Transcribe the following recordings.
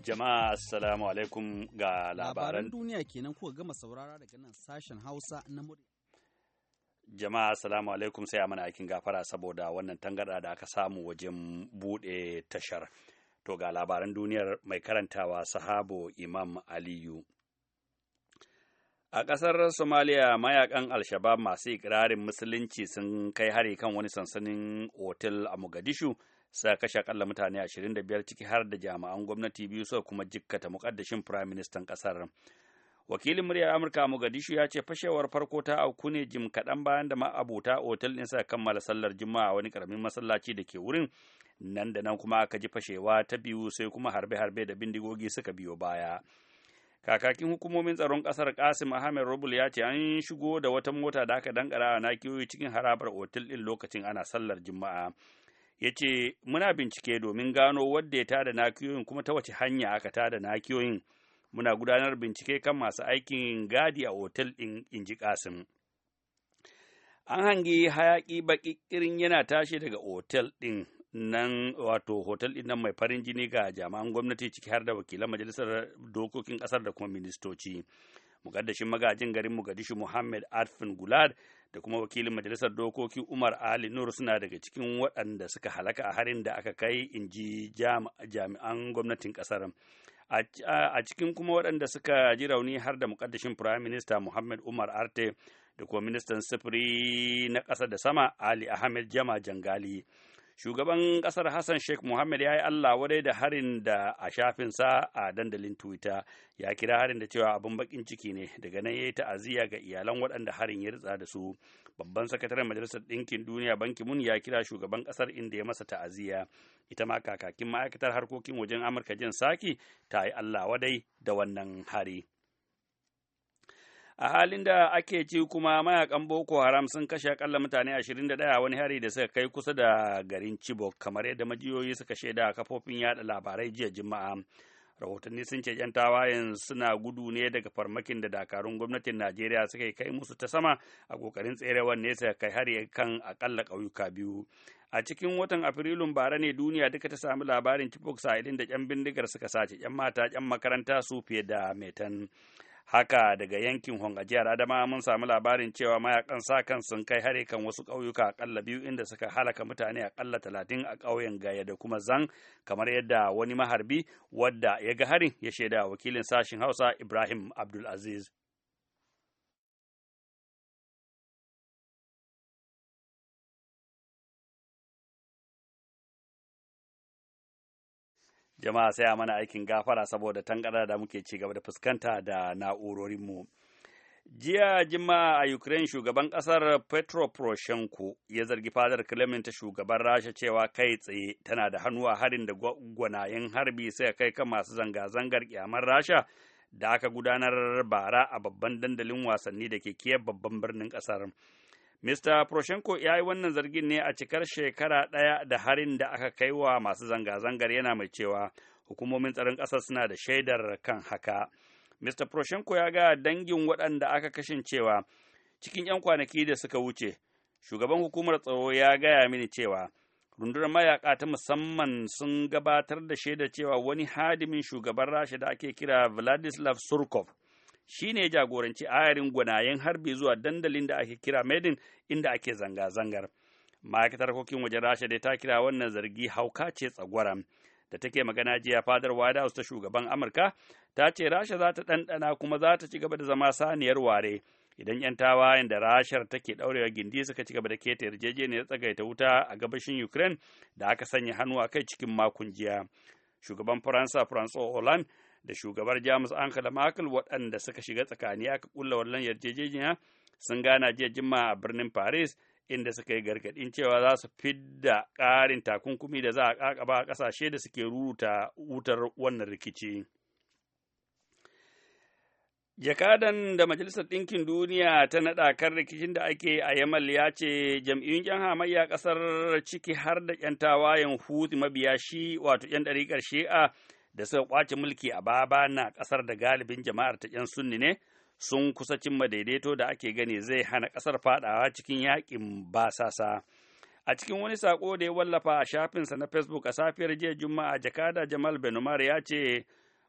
Jama'a assalamu alaikum ga labaran duniya kenan kuka gama saurara daga nan sashen Hausa na murya. Jama'a assalamu alaikum sai a mana aikin gafara saboda wannan tangarda da aka samu wajen bude tashar. To ga labaran duniyar mai karantawa sahabo Imam Aliyu. A ƙasar Somalia mayakan Alshabab masu ikirarin musulunci sun kai hari kan wani sansanin otel a Mogadishu suka kashe akalla mutane 25 ciki har da jami'an gwamnati biyu suka kuma jikkata mukaddashin firayim ministan ƙasar. Wakilin muryar Amurka a Mogadishu ya ce fashewar farko ta auku ne jim kaɗan bayan da ma'abuta otel ɗin suka kammala sallar juma'a wani ƙaramin masallaci da ke wurin nan da nan kuma aka ji fashewa ta biyu sai kuma harbe-harbe da bindigogi suka biyo baya. kakakin hukumomin tsaron kasar kasim ahmed rubul ya ce an shigo da wata mota da aka dankara a nakiyoyi cikin harabar otel din lokacin ana sallar juma'a ya ce muna bincike domin gano wadda ya tada nakiyoyin kuma ta wace hanya aka tada nakiyoyin muna gudanar bincike kan masu aikin gadi a otel din ji kasim an hangi hayaƙi baƙi yana tashi daga otel ɗin nan wato hotel ɗin nan mai farin jini ga jami'an gwamnati ciki har da wakilan majalisar dokokin kasar da kuma ministoci mukaddashin magajin garin mogadishu muhammad arfin gulad da kuma wakilin majalisar dokoki umar ali nur suna daga cikin waɗanda suka halaka a harin da aka kai in ji jami'an gwamnatin kasar a cikin kuma waɗanda suka ji rauni har da mukaddashin prime minister muhammad umar arte da kuma ministan sufuri na ƙasa da sama ali ahmed jama jangali shugaban kasar hassan sheikh muhammad ya yi allah wadai da harin da a shafin sa a dandalin twitter ya kira harin da cewa abin bakin ciki ne daga nan ya yi ta'aziyya ga iyalan waɗanda harin ya ritsa da su babban sakataren majalisar ɗinkin duniya banki mun ya kira shugaban kasar inda ya masa ta'aziyya ita ma kakakin ma'aikatar harkokin wajen amurka jin saki ta yi allah wadai da wannan hari a halin da ake ci kuma mayakan boko haram sun kashe akalla mutane 21 wani hari da suka kai kusa da garin chibok kamar yadda majiyoyi suka shaida kafofin yada labarai jiya juma'a rahotanni sun ce 'yan tawayen suna gudu ne daga farmakin da dakarun gwamnatin najeriya suka kai musu ta sama a kokarin tserewar nesa kai hari kan akalla ƙauyuka biyu a cikin watan afrilun bara ne duniya duka ta sami labarin chibok sa'ilin da 'yan bindigar suka sace 'yan mata 'yan makaranta su fiye da metan haka daga yankin hong a jihar adama mun samu labarin cewa mayakan sa kan sun kai hare kan wasu ƙauyuka akalla biyu inda suka halaka mutane akalla talatin a ƙauyen gaya da kuma zan kamar yadda wani maharbi wadda ya ga harin ya shaida wakilin Sashen hausa ibrahim abdulaziz jama'a sai a mana aikin gafara saboda tangarar da muke ci gaba da fuskanta da na'urorinmu jiya jima'a a ukraine shugaban kasar petro poroshenko ya zargi fadar kremlin ta shugaban rasha cewa kai tsaye tana da hannu a harin da gwanayen harbi sai kai kan masu zanga-zangar kyamar rasha da aka gudanar bara a babban dandalin wasanni da ke kiyar babban birnin kasar Mr. Poroshenko ya yi wannan zargin ne a cikar shekara ɗaya da harin da aka kai wa masu zanga-zangar yana mai cewa hukumomin tsaron ƙasa suna da shaidar kan haka. Mr. Poroshenko ya ga dangin waɗanda aka kashin cewa cikin 'yan kwanaki da suka wuce, shugaban hukumar tsaro ya gaya mini cewa rundunar mayaka ta musamman sun gabatar da shaida cewa wani hadimin shugaban Rasha da ake kira Vladislav Surkov shi ne jagoranci ayarin gwanayen harbi zuwa dandalin da ake kira Medin inda ake zanga-zangar. Ma'aikatar harkokin wajen Rasha dai ta kira wannan zargi hauka ce tsagwara. Da take magana jiya fadar White House ta shugaban Amurka ta ce Rasha za ta ɗanɗana kuma za ta ci gaba da zama saniyar ware. Idan 'yan tawayen da Rashar take ɗaurewa gindi suka ci gaba da keta yarjejeniyar tsagaita wuta a gabashin Ukraine da aka sanya hannu a kai cikin makon jiya. Shugaban Faransa François Hollande da shugabar jamus angela merkel waɗanda suka shiga tsakani aka kulla wannan yarjejeniya sun gana jiya jimma a birnin paris inda suka yi gargaɗin cewa za su fidda ƙarin takunkumi da za a ƙaƙaba a ƙasashe da suke rubuta wutar wannan rikici. Jakadan da Majalisar Ɗinkin Duniya ta naɗa kan rikicin da ake a Yamal ya ce jam'iyyun ‘yan hamayya ƙasar ciki har da ‘yan tawayen huti mabiya shi wato ‘yan ƙarshe Shi'a da suka kwace mulki a baba na kasar da galibin jama'ar ta 'yan sunni ne sun kusa cimma daidaito da ake gani zai hana kasar fadawa cikin yaƙin basasa. a cikin wani sako da ya wallafa a shafinsa na facebook a safiyar jiya juma'a jakada jamal benumar ya ce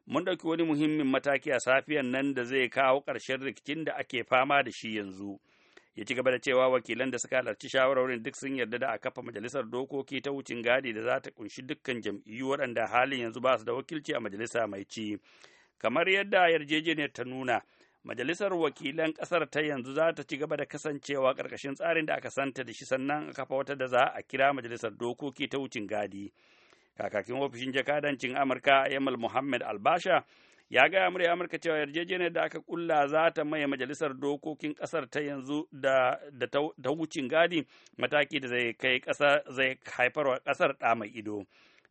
mun ɗauki wani muhimmin mataki a safiyar nan da zai kawo ƙarshen rikicin da ake fama da shi yanzu ya ci gaba da cewa wakilan da suka halarci shawarwarin duk sun yarda da a kafa majalisar dokoki ta wucin gadi da za ta kunshi dukkan jam'iyyu waɗanda halin yanzu ba su da wakilci a majalisa mai ci kamar yadda yarjejeniyar ta nuna majalisar wakilan kasar ta yanzu za ta ci gaba da kasancewa karkashin tsarin da aka santa da shi sannan a kafa wata da za a kira majalisar dokoki ta wucin gadi kakakin ofishin jakadancin amurka yamal muhammad albasha ya gaya murya amurka cewa yarjejeniyar da aka kulla za ta maye majalisar dokokin kasar ta yanzu da ta wucin gadi mataki da zai kai kasa zai haifarwa kasar da mai ido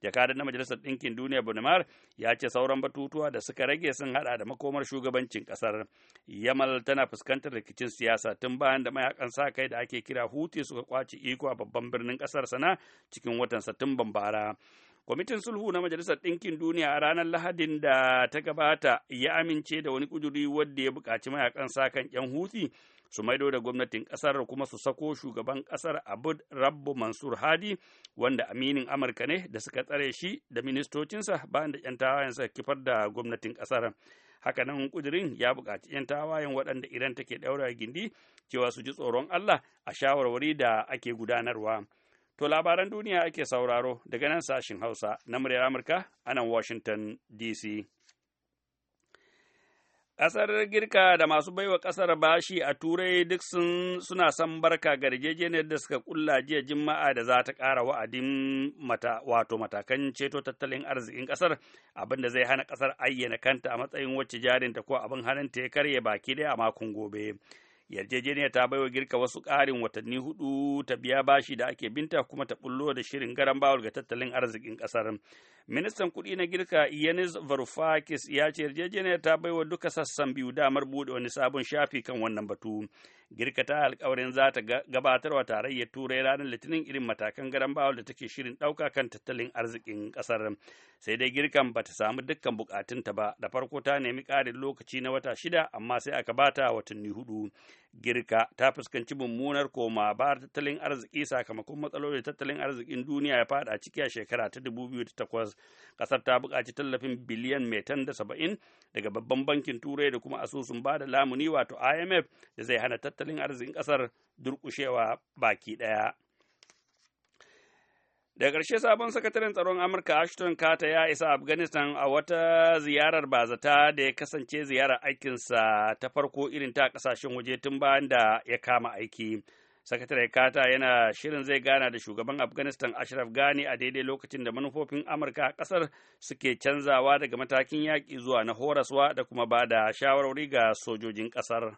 jakadan na majalisar ɗinkin duniya bunimar ya ce sauran batutuwa da suka rage sun hada da makomar shugabancin kasar yamal tana fuskantar rikicin siyasa tun bayan da mayakan sa kai da ake kira huti suka kwace iko a babban birnin kasar sana cikin watan satumban bara Kwamitin Sulhu na Majalisar Ɗinkin Duniya a ranar Lahadin da ta gabata ya amince da wani kuduri wadda ya buƙaci mayakan sakan ƴan huti su maido da gwamnatin ƙasar kuma su sako shugaban ƙasar Abud Rabbu Mansur Hadi wanda aminin Amurka ne da suka tsare shi da ministocinsa bayan da ƴan tawayen suka kifar da gwamnatin ƙasar. Hakanan ƙudurin ya buƙaci ƴan tawayen waɗanda idan take ɗaura gindi cewa su ji tsoron Allah a shawarwari da ake gudanarwa. To labaran duniya ake sauraro daga nan sashin Hausa na muryar Amurka a nan Washington DC. Ƙasar Girka da masu baiwa ƙasar bashi a Turai duk sun suna son barka ga ne da suka kulla jiya Juma'a da za ta ƙara wa'adin mata wato matakan ceto tattalin arzikin ƙasar abin da zai hana ƙasar ayyana kanta a matsayin wacce jarinta ko abin hannunta ya karye baki daya a makon gobe. yarjejeniyar ta baiwa girka wasu karin watanni hudu ta biya bashi da ake binta kuma ta bullo da shirin garan bawul ga tattalin arzikin ƙasar ministan kuɗi na girka yanis varoufakis ya ce yarjejeniyar ta baiwa duka sassan biyu damar buɗe wani sabon shafi kan wannan batu girka ta alkawarin za ta gabatarwa tarayyar turai ranar litinin irin matakan garan bawul da take shirin ɗauka kan tattalin arzikin ƙasar sai dai girkan ba ta samu dukkan bukatunta ba da farko ta nemi ƙarin lokaci na wata shida amma sai aka bata watanni hudu girka ta fuskanci mummunar koma ba tattalin arziki sakamakon matsalolin tattalin arzikin duniya ya fada ciki a shekara ta 2008 kasar ta bukaci tallafin biliyan mai da saba'in daga babban bankin turai da kuma asusun ba da lamuni wato imf da zai hana tattalin arzikin kasar durƙushewa baki ɗaya Da ƙarshe sabon sakataren tsaron Amurka Ashton Carter ya isa Afghanistan a wata ziyarar bazata da ya kasance ziyarar aikinsa ta farko irin ta ƙasashen waje tun bayan da ya kama aiki. Sakatare Carter yana shirin zai gana da shugaban Afghanistan Ashraf Ghani a daidai lokacin da manufofin Amurka a ƙasar suke canzawa daga matakin yaƙi zuwa na horaswa da kuma ba da shawarwari ga sojojin ƙasar.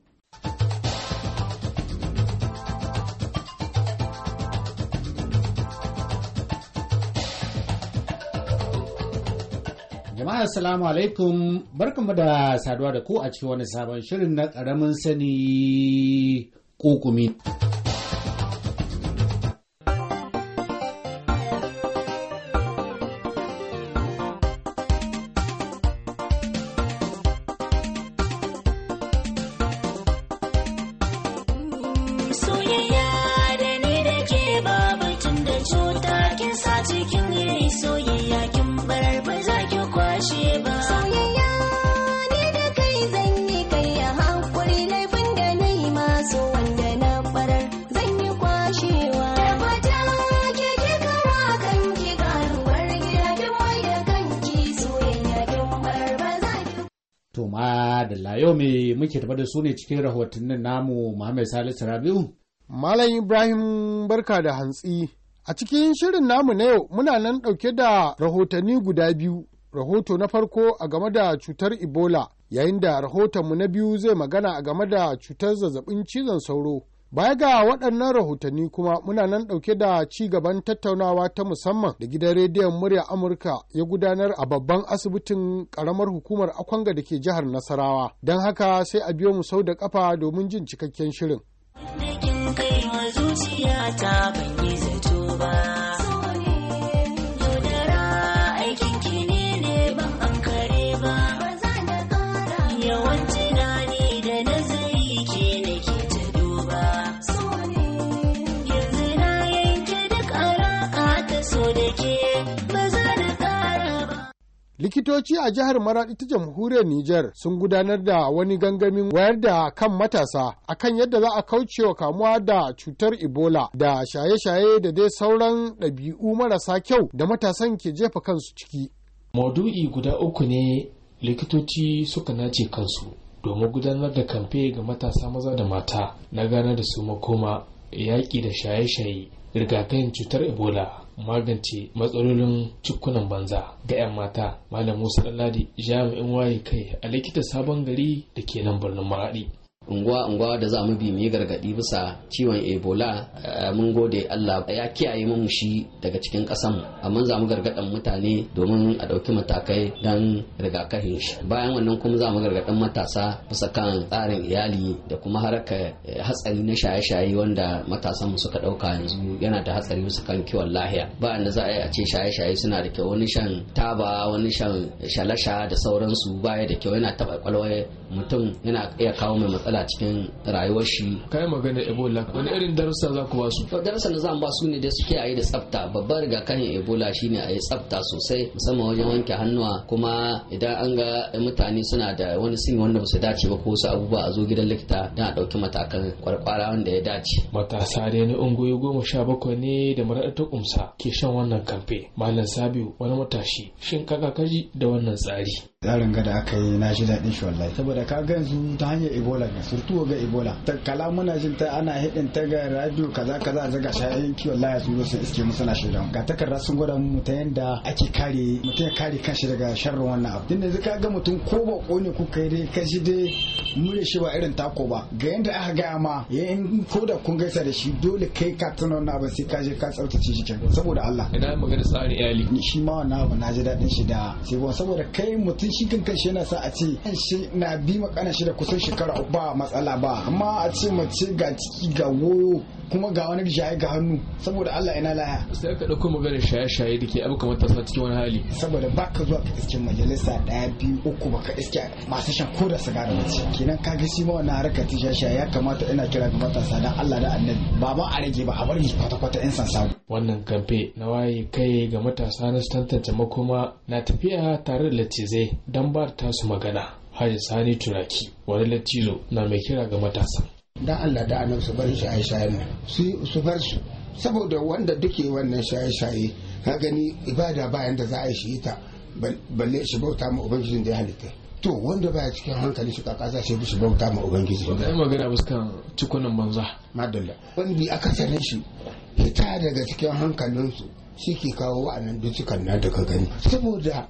Jama'a salamu alaikum barkamu da saduwa da ku a cikin wani sabon shirin na ƙaramin sani kokumi. madalla yau me muke tafa da su ne cikin rahotannin namu Muhammad Salisu Rabiu. Malam Ibrahim barka da hantsi. A cikin shirin namu na yau muna nan ɗauke da rahotanni guda biyu. Rahoto na farko a game da cutar Ebola yayin da rahotonmu na biyu zai magana a game da cutar zazzabin cizon sauro. Baya ga waɗannan rahotanni kuma muna nan ɗauke da ci gaban tattaunawa ta musamman da gidan rediyon murya Amurka ya gudanar a babban asibitin ƙaramar hukumar Akwanga da ke jihar Nasarawa. Don haka sai a biyo mu sau da ƙafa domin jin cikakken shirin. likitoci a jihar maradi ta jamhuriyar niger sun gudanar da wani gangamin wayar da kan matasa akan yadda za a kauce wa kamuwa da cutar Ebola da shaye-shaye da dai sauran ɗabi'u marasa kyau da matasan ke jefa kansu ciki. Maudu'i guda uku ne likitoci suka nace kansu domin gudanar da kamfe ga matasa maza da mata na gane da su makoma yaƙi da shaye-shaye rigakafin cutar Ebola magance matsalolin cikunan banza ga 'yan mata malam musa ɗanladi jami'in waye kai a likita sabon gari da ke nan birnin maraɗi. unguwa-unguwa da za mu bi mu yi gargaɗi bisa ciwon ebola eh, mun gode allah ya kiyaye mu shi daga cikin ƙasan amma za mu gargadan mutane domin a ɗauki matakai don rigakafin shi bayan wannan kuma za mu gargadan matasa bisa kan tsarin iyali da kuma haraka eh, hatsari na shaye-shaye wanda matasan mu suka ɗauka yanzu yana da hatsari bisa kan kiwon lahiya bayan da za a a ce shaye-shaye suna da kyau wani shan taba wani shan shalasha da sauransu baya da kyau yana taɓa kwalwar mutum yana iya kawo mai matsala matsala cikin rayuwar shi kai magana ebola wani irin darussa za ku ba su darussa da zan ba su ne da suke a yi da tsafta babbar rigakafin ebola shine a yi tsafta sosai musamman wajen wanke hannuwa kuma idan an ga mutane suna da wani sin wanda ba su dace ba ko wasu abubuwa a zo gidan likita dan a ɗauki matakan kwarkwara wanda ya dace matasa da ungo ungoyi goma sha bakwai ne da maraɗa ta kumsa ke shan wannan kamfe malam sabiu wani matashi shin kaji da wannan tsari tsarin da aka yi na shi daɗin shi wallahi saboda ka gan su ta hanyar ebola ga surtu ga ebola ta kalamuna jin ta ana hidin ta ga radio kaza kaza zaga shayin kiwon laya su zo sun iske mu suna shaidan ga takarda sun gwada mu ta yanda ake kare mutum ya kare kanshi daga sharrin wannan abu dinda ka ga mutum ko ba ne ku kai dai kashi dai mure shi ba irin tako ba ga yanda aka gaya ma yayin ko da kun gaisa da shi dole kai ka tuna wannan abu sai ka je ka tsaftace shi kenan saboda Allah ina magana tsarin iyali shi ma wannan abu na ji daɗin shi da sai saboda kai mutum shi kan kanshi yana sa a ce shi na bi makana shi da kusan shekara ba matsala ba amma a ce mace ga ciki ga goyo kuma ga wani shaye ga hannu saboda Allah ina laya sai ka dauko magana shaye shaye dake abu kamar ta sa cikin wani hali saboda baka zuwa ka iske majalisa daya biyu uku baka iske masu shan koda sigara mace kenan ka ga shi ma wannan harkar ta shaye shaye ya kamata ina kira ga matasa dan Allah da annabi ba ma a rage ba a bari kwata kwata in san sabo wannan kamfe na waye kai ga matasa na tantance makoma na tafiya tare da latizai don ba tasu magana hajji sani turaki wani lattizo na mai kira ga matasa dan allah da anan su bari shaye-shaye ne su bar su saboda wanda duke wannan shaye-shaye ka gani ibada bayan da za a yi shi ita balle shi bauta ma ubangiji da ya halitta to wanda baya cikin hankali shi kaka sai shi bauta ma ubangiji da kai magana fuskan cikunan banza madalla wanda sanin shi fita daga cikin hankalinsu shi ke kawo wa'annan dutukan na daga gani saboda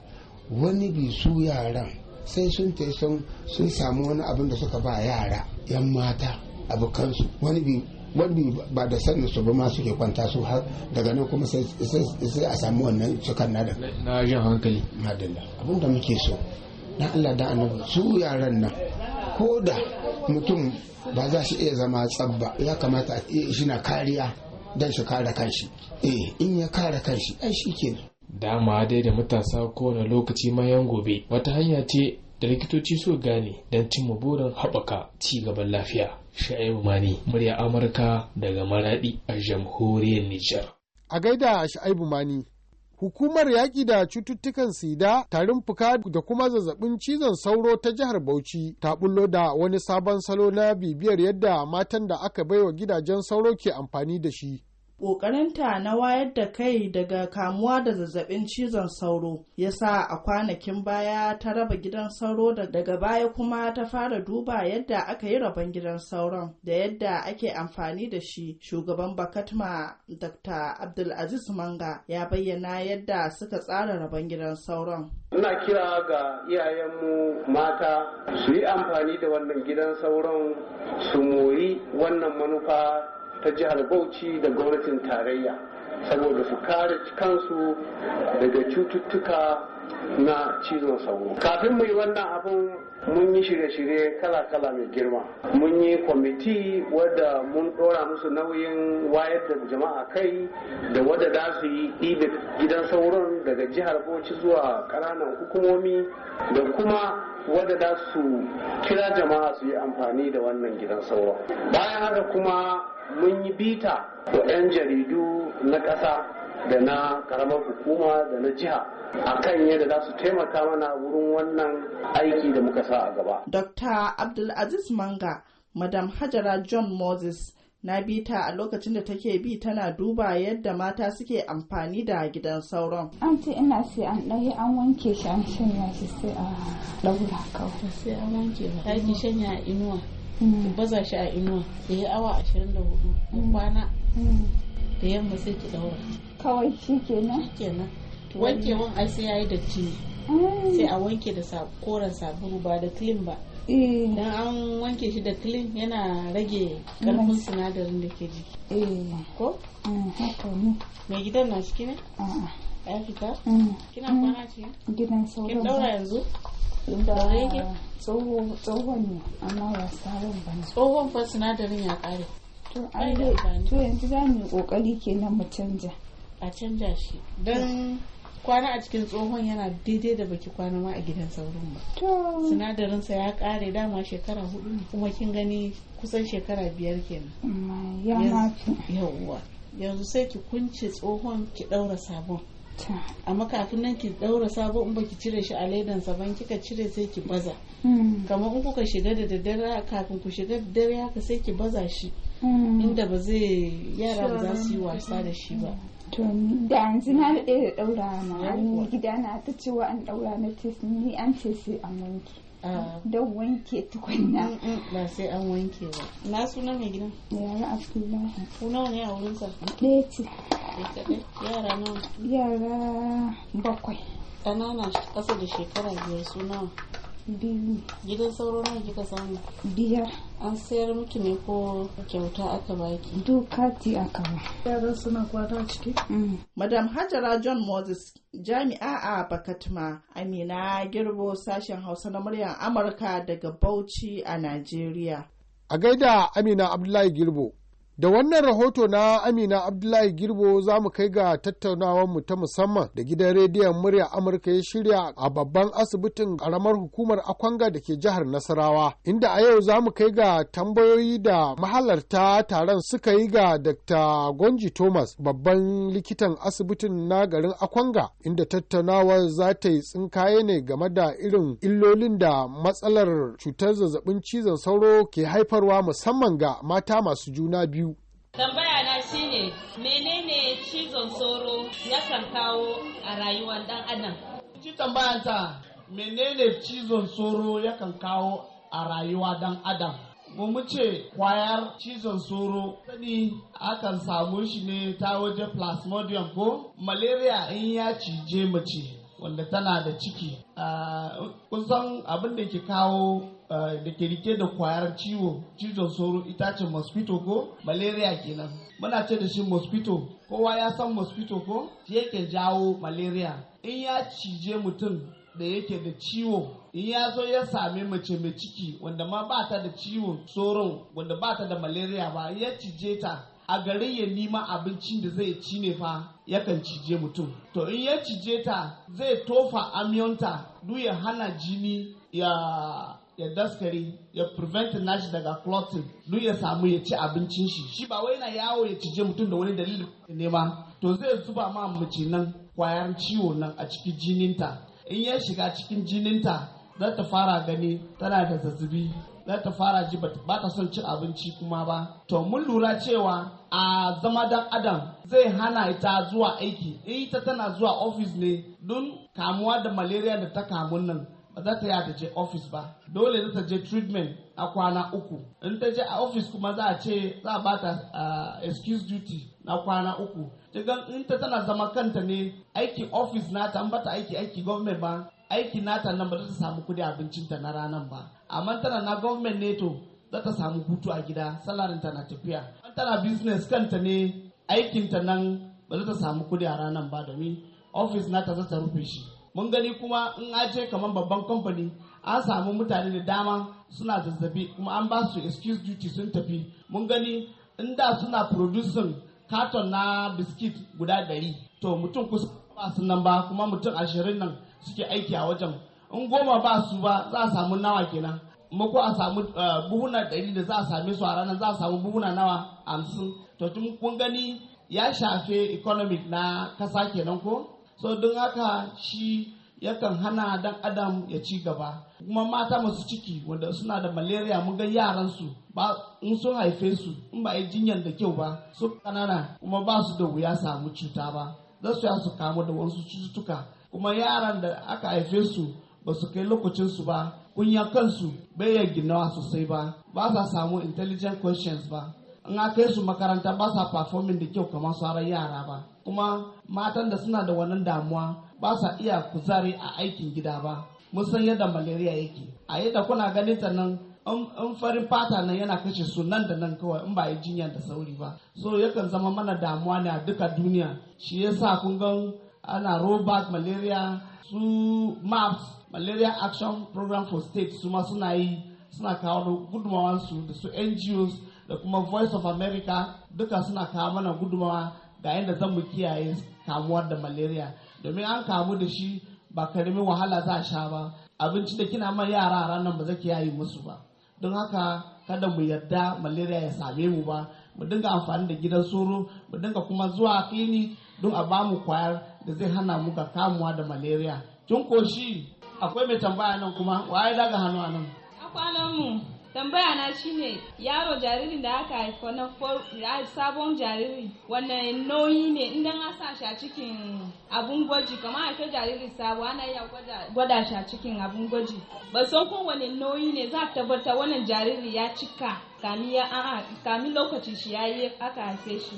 wani bi su yaran sai sun te sun samu wani abin da suka ba yara yan mata kansu wani bi wani ba da sanin su ba ma suke kwanta su har daga nan kuma sai a samu wannan sukan na da na yi hankali madalla abin da muke so na Allah da annabi su yaran nan ko da mutum ba za shi iya zama tsabba ya kamata a shi na kariya don su kare kanshi eh in ya kare kanshi ai shi kenan dama dai da matasa kowane lokaci mayan gobe wata hanya ce da likitoci suka gane don cimma burin haɓaka ci gaban lafiya sha'ibu mani murya amurka daga maradi a jamhuriyar nijar a gaida sha'ibu mani Hukumar yaƙi da cututtukan sida, tarin fuka da kuma zazzabin cizon sauro ta jihar Bauchi ta bullo da wani sabon salo na bibiyar yadda matan da aka baiwa gidajen sauro ke amfani da shi. ƙoƙarinta na wayar da kai daga kamuwa da zazzabin cizon sauro ya sa a kwanakin baya ta raba gidan sauro daga baya kuma ta fara duba yadda aka yi rabon gidan sauron da yadda ake amfani da shi shugaban bakatma dr abdulaziz manga ya bayyana yadda suka tsara rabon gidan sauron Ina kira ga iyayenmu mata su yi amfani da wannan gidan sauron su mori wannan manufa ta jihar bauchi da gwamnatin tarayya saboda su kare kansu daga cututtuka na cizon sauro kafin mu yi wannan abin mun yi shirye-shirye kala-kala mai girma mun yi kwamiti wadda mun ɗora musu nauyin wayar da jama'a kai da wadda za su yi ibe gidan sauron daga jihar bauchi zuwa ƙananan hukumomi da kuma wadda za su kira jama'a su yi amfani da wannan gidan sauron bayan haka kuma mun yi bita da 'yan jaridu na ƙasa da na karamar hukuma da na jiha a kan yadda za su taimaka mana wurin wannan aiki da muka sa a gaba. Dr. Abdulaziz Manga, Madam Hajara John Moses, na bita a lokacin da take bi tana duba yadda mata suke amfani da gidan sauron. An ce ina sai an ɗaya an wanke shi an shanya shi sai a ɗaura kawai. Sai an wanke shanya inuwa. baza shi a inuwa da ya awa ashirin da hudu mm. kwana mm. da yamma sai ki daura kawai shi kenan kenan wankewan ai sai yi datti ne mm. sai a wanke da koren sabulu ba da clean ba eh. dan an wanke shi da clean yana rage karfin sinadarin da ke jiki eh. ko mai gidan na ciki ne a'a ya fita kina kwana ce gidan sauran kin daura yanzu tsohon ne amma ya sabon ba ne tsohon fa sinadarin ya kare to yanzu za mu yi kokari kenan mu canja a canja shi don kwana a cikin tsohon yana daidai da baki kwana ma a gidan saurin ba sinadarinsa ya kare dama shekara hudu ne kuma kin gani kusan shekara biyar kenan ya mafi yanzu sai ki kunce tsohon ki daura sabon amma kafin nan ki daura sabo in baki cire shi a ledan saban kika cire sai ki baza hmm. kamar in kuka shiga da daddare kafin ku shiga da daddare haka sai ki baza shi hmm. inda ba zai yara ba za su yi wasa da shi ba to da yanzu na da da daura na wani gida na ta cewa an daura na tes ni an ce sai an wanke ah. don wanke tukunna mm, mm, ba sai an wanke ba na suna mai gidan ya abdullahi ku nawa ne a wurinsa ɗaya ce yara nan yara bakwai ƙanana ƙasa da shekara biyar suna biyu gidan sauro nawa kika samu biyar an sayar miki ne ko kyauta aka baki aka ba yaran suna kwata ciki mm. madam hajara john moses jami'a a bakatma amina girbo sashen hausa na muryar amurka daga bauchi a najeriya a gaida amina abdullahi girbo Da wannan rahoto na Amina Abdullahi Girbo za mu kai ga tattaunawar mu ta musamman da gidan rediyon murya Amurka ya shirya a babban asibitin karamar hukumar Akwanga da ke jihar Nasarawa, inda a yau za mu kai ga tambayoyi da mahalarta taron suka yi ga Dr. Gonji Thomas babban likitan asibitin na garin Akwanga, inda tattaunawar za ta yi tsinkaye ne game da irin illolin da matsalar cutar zazzabin cizon sauro ke haifarwa musamman ga mata masu juna biyu. tambaya na shine menene cizon sauro yakan kawo a rayuwar dan adam menene cizon sauro yakan kawo a rayuwa dan adam mu ce kwayar cizon sauro sani akan samu shi ne ta waje plasmodium ko malaria in ya cije mace wanda tana da ciki ah, kusan abin da ke kawo Eh, da ke rike da kwayar ciwo cizon sauro itacen mosquito ko malaria kenan muna ce da shi mosquito kowa ya san mosquito ko shi yake jawo malaria in ya cije mutum da yake da ciwo in ya zo ya same mace mai ciki wanda ma ba ta da ciwo sauron wanda ba ta da malaria ba ya cije ta a garin ya nima abincin da zai ci ne fa yakan cije mutum to in ya cije ta zai tofa amiyonta duk ya hana jini ya ya daskare ya prevent nashi daga clotting duk ya samu ya ci abincin shi shi ba wai na yawo ya cije mutum da wani dalilin nema to zai zuba ma mace nan kwayar ciwo nan a cikin jininta in ya shiga cikin jininta za ta fara gani tana da zazzabi za ta fara ji ba ta son cin abinci kuma ba to mun lura cewa a zama dan adam zai hana ita zuwa aiki ita tana zuwa ofis ne don kamuwa da malaria da ta kamun nan ba za ta yi ta je ofis ba dole za ta je treatment a kwana uku in ta je a ofis kuma za a ce za a ba ta excuse duty na kwana uku kigan in ta tana zama kanta ne aiki ofis nata an bata aiki aiki gwamnati ba aiki nata nan ba za ta samu kudi abincinta na ranan ba amma tana na gwamnati ne to za ta samu hutu a gida salarin ta na tafiya an tana business kanta ne aikinta nan ba za ta samu kudi a ranan ba domin ofis nata za ta rufe shi mun gani kuma in an kamar babban kamfani an samu mutane da dama suna zazzabi kuma an ba su excuse duty sun tafi mun gani inda suna producing katon na biskit guda ɗari to mutum kusa ba su nan ba kuma mutum ashirin nan suke aiki a wajen in goma ba su ba za a samu nawa kenan mako a samu eh, buhuna ɗari da za a same su a ranar za a samu buhuna nawa hamsin to tun kun gani ya shafe economic na kasa kenan ko so don haka shi yakan hana dan adam ya ci gaba kuma mata masu ciki wanda suna da malaria mun ga yaran su ba in sun haife su in ba yi jinyar da kyau ba su kanana kuma ba su da wuya samu cuta ba za su ya su kamu da wasu cututtuka kuma yaran da aka haife su ba su kai lokacin su ba kunya kansu bai ya ginawa sosai ba ba sa samu intelligent conscience ba in kai su makaranta ba sa performing da kyau kamar sauran yara ba kuma matan da suna da wannan damuwa ba sa iya kuzari a aikin gida ba mun san yadda malaria yake a yadda kuna ganin ta nan in farin fata nan yana kashe su nan da nan kawai in ba yi jinya da sauri ba so yakan zama mana damuwa ne a duka duniya shi yasa kun ga ana robot malaria su maps malaria action program for state su ma suna yi suna kawo gudunmawansu da su ngos da kuma voice of america duka suna kawo mana gudumawa ga yadda zan mu kiyaye kamuwar da malaria domin an kamu da shi ba karamin wahala za a sha ba abinci da kina ma yara ranar ba zai kiyaye musu ba don haka kada mu yarda malaria ya same mu ba mu dinga amfani da gidan soro mu dinga kuma zuwa kini don a bamu kwayar da zai hana mu ga kamuwa da malaria kin koshi akwai mai tambaya nan kuma waye daga hannu a nan kwanan mu tambaya na shine yaro jaririn da aka haifa na sabon jariri wanne nauyi ne idan an sa shi a cikin abun gwaji kamar haife jariri sabo ana iya gwada shi a cikin abun gwaji ba san kun wani nauyi ne za ta tabbata wannan jariri ya cika kamin lokacin shi ya yi aka haife shi.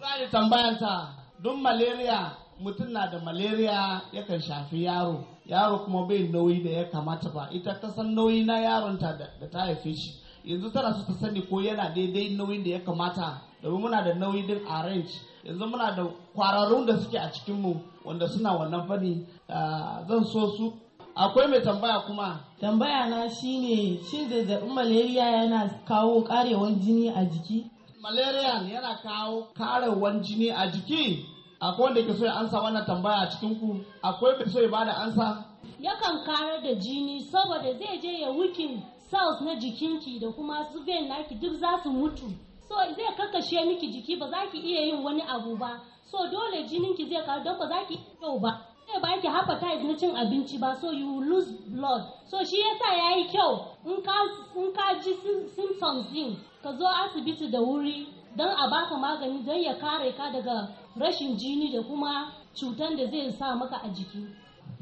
da tambayanta don malaria mutum na da malaria yakan shafi yaro. yaro kuma bai nauyi da ya kamata ba ita ta san nauyi na yaronta da ta haife shi yanzu tana so ta sani ko yana daidai nauyin da ya kamata domin muna da nauyi din a range yanzu muna da kwararrun da suke a cikinmu wanda suna wannan fani ah, zan so su akwai mai tambaya kuma tambaya na shine shin zazzabin malaria yana kawo karewan jini a jiki malaria yana kawo karewan jini a jiki akwai wanda ke so ya ansa wannan tambaya a cikin ku akwai ke so ya bada ansa yakan karar da jini saboda zai je ya wukin cells na jikinki da kuma su vein naki duk za su mutu so zai karkashe miki jiki ba za ki iya yin wani abu ba so dole jininki zai karu don za ki kyau ba zai ba ki hepatitis na cin abinci ba so you lose blood so shi yasa ya yi kyau in ka ji symptoms din ka zo asibiti da wuri don a baka magani don ya kare ka daga rashin jini da kuma cutar da zai sa maka a jiki.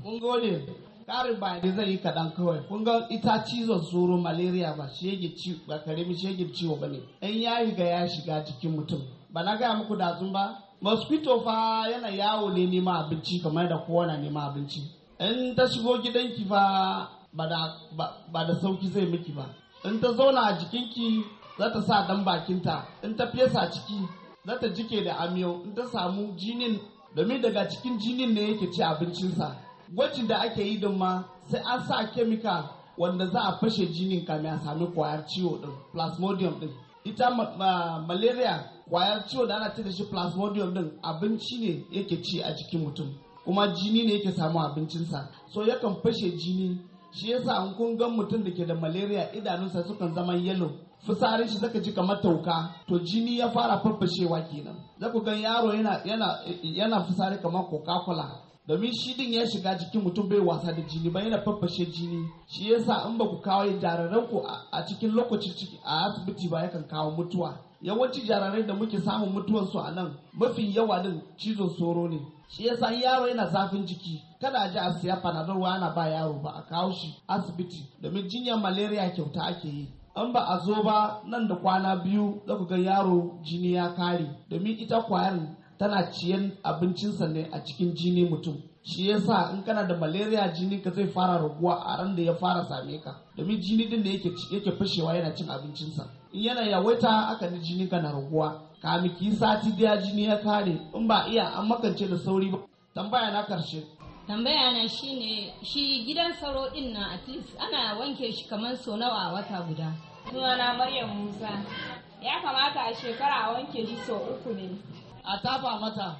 Kun gode, ƙarin bayani zai yi kaɗan kawai. Kun ga ita cizon tsoro malaria ba shege ci ba karemi shege ciwo ba ne. ‘Yan ya riga ya shiga jikin mutum. Ba na gaya muku dazun ba? Mosquito fa yana yawo ne nema abinci kamar da kowa na nema abinci. In ta shigo gidanki fa ba da sauki zai miki ba. In ta zauna a jikinki za ta sa dan bakinta. In ta fesa ciki za ta jike da amiyo in ta samu jinin domin daga cikin jinin ne yake ci abincinsa gwajin da ake yi din ma sai an sa kemika wanda za a fashe jinin kamin a sami kwayar ciwo din plasmodium din ita malaria kwayar ciwo da ana ce da shi plasmodium din abinci ne yake ci a jikin mutum kuma jini ne yake samu abincinsa so yakan fashe jini shi yasa an kun gan mutum da ke da malaria idanunsa sukan zama yellow fitsarin shi zaka ji kamar tauka to jini ya fara farfashewa kenan za ku gan yaro yana yana yana fitsari kamar coca-cola domin shi din ya shiga jikin mutum bai wasa da jini ba yana farfashe jini shi yasa in ba ku kawo jariran ku a cikin lokaci a asibiti ba yakan kawo mutuwa yawanci jarirai da muke samun mutuwan su a nan mafi yawa din cizon soro ne shi yasa yaro yana zafin jiki kada a ji a siya panadol ana ba yaro ba a kawo shi asibiti domin jinyar malaria kyauta ake yi an ba a zo ba nan da kwana biyu za ku ga yaro jini ya kare domin ita kwayar tana ciyan abincinsa ne a cikin jini mutum shi yasa in kana da malaria jini ka zai fara raguwa a ran da ya fara same ka domin jini din da yake yake fashewa yana cin abincinsa in yana yawaita aka ni jini ka na raguwa kamiki sati daya jini ya kare in ba iya an makance da sauri ba tambaya na karshe tambaya na ne shi gidan sauro din na at ana wanke shi kamar so nawa a wata guda sunana maryam musa ya kamata a shekara a wanke shi sau uku ne a tafa mata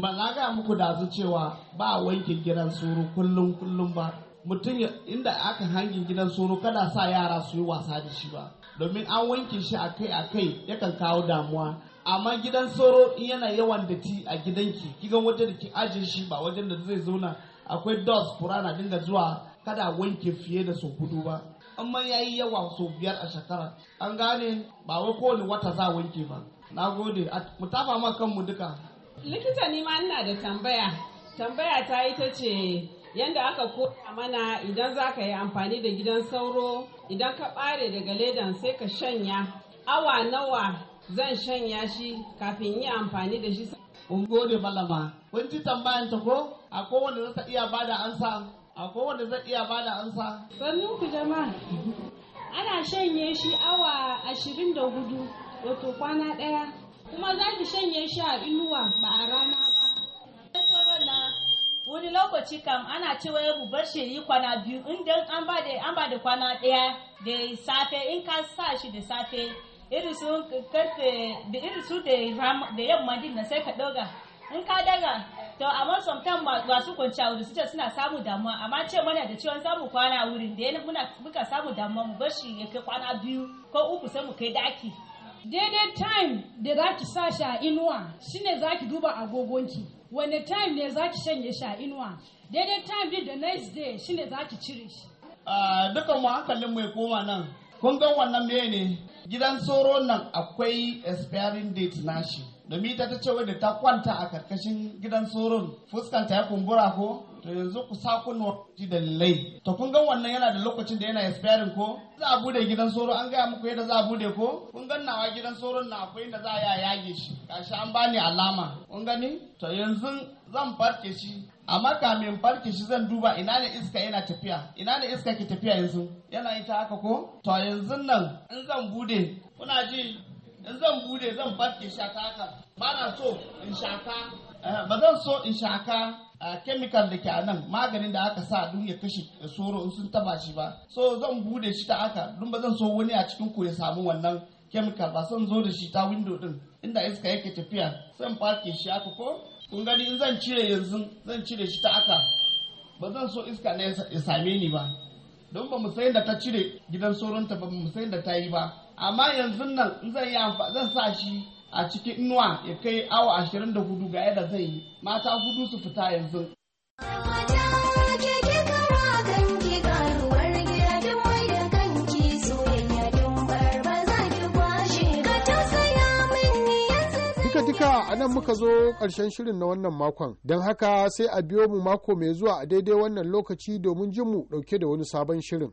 ba na ga muku da su cewa ba wanke gidan sauro kullum kullum ba mutum inda aka hangin gidan sauro kada sa yara su yi wasa da shi ba domin an wanke shi akai akai yakan kawo damuwa amma gidan soro in yana yawan datti a gidanki kiga wajen da ki ajiye shi ba wajen da zai zauna akwai dos kurana dinga zuwa kada wanke fiye da sau hudu ba amma ya yi yawa sau biyar a shekara an gane ba wai kowane wata za wanke ba na gode mu tafa ma kanmu duka likita ni ma ina da tambaya tambaya ta ita ce yadda aka koya mana idan za ka yi amfani da gidan sauro idan ka bare daga ledan sai ka shanya awa nawa zan shanya shi kafin yi amfani da shi. Ungo gode malama, kun ji tambayan ta ko? A kowane zai iya bada ansa, a kowane zai iya bada ansa. Sannin ku jama'a. Ana shanye shi awa ashirin da hudu, wato kwana ɗaya. Kuma za ki shanye shi a inuwa ba a rana ba. Wani lokaci kam ana cewa ya bubar shi yi kwana biyu, in an ba da kwana ɗaya da safe in ka sa shi da safe irin su karfe da irin su da yamma din na sai ka doga in ka daga to amma sometimes masu kwanciya wuri su suna samu damuwa amma ce mana da cewa samu kwana wurin da yana muna muka samu damuwa mu bar shi ya kai kwana biyu ko uku sai mu kai daki daidai time da za ki sa sha inuwa shine za ki duba agogonki wane time ne za ki shanye sha inuwa daidai time din da next day shine za ki cire shi ah, dukan mu hankalin mai koma nan kun ga wannan meye ne gidan tsoron nan akwai expiring date nashi domin ta ce wadda ta kwanta a karkashin gidan tsoron fuskanta ya kumbura ko to yanzu ku sa kunnuwa ji dalilai to kun gan wannan yana da lokacin da yana expiring ko za a bude gidan tsoron an gaya muku yadda za a bude ko kun gan nawa gidan tsoron na akwai da za a yage shi kashi an bani alama kun gani to yanzu zan farke shi amma kamin farke shi zan duba ina ne iska yana tafiya ina ne iska ke tafiya yanzu yana ita haka ko to yanzu nan in zan bude kuna ji in zan bude zan barke in shaka haka ba na so in shaka eh, ba zan so in shaka kemikal eh, da ke nan maganin da aka sa dun ya kashe eh, soro in sun taba shi ba so zan bude shi ta haka dun ba zan so wani a cikin ku ya samu wannan kemikal ba son zo da shi ta window din inda iska yake tafiya zan barke shi haka ko kun gani in zan cire yanzu zan cire shi ta haka ba zan so iska na ya same ni ba don ba mu san da ta cire gidan ta ba mu san da ta yi ba amma yanzu nan in zan yi zan sa shi a cikin inuwa ya kai awa ashirin da hudu ga yadda zai yi mata hudu su fita yanzu duka a nan muka zo ƙarshen shirin na wannan makon don haka sai a biyo mu mako mai zuwa a daidai wannan lokaci domin jin mu ɗauke da wani sabon shirin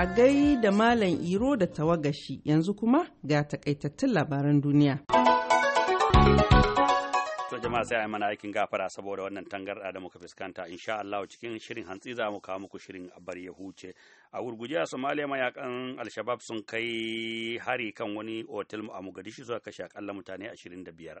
a gai da Malam Iro da tawagashi yanzu kuma ga takaitattun labaran duniya. To jama'a sai a yi mana aikin gafara saboda wannan tangarɗa da muka fuskanta insha Allah cikin shirin hantsi za mu kawo muku shirin abar ya huce. A gurguje a Somalia mayakan Alshabab sun kai hari kan wani otal otel a Mogadishu suka kashe akalla mutane biyar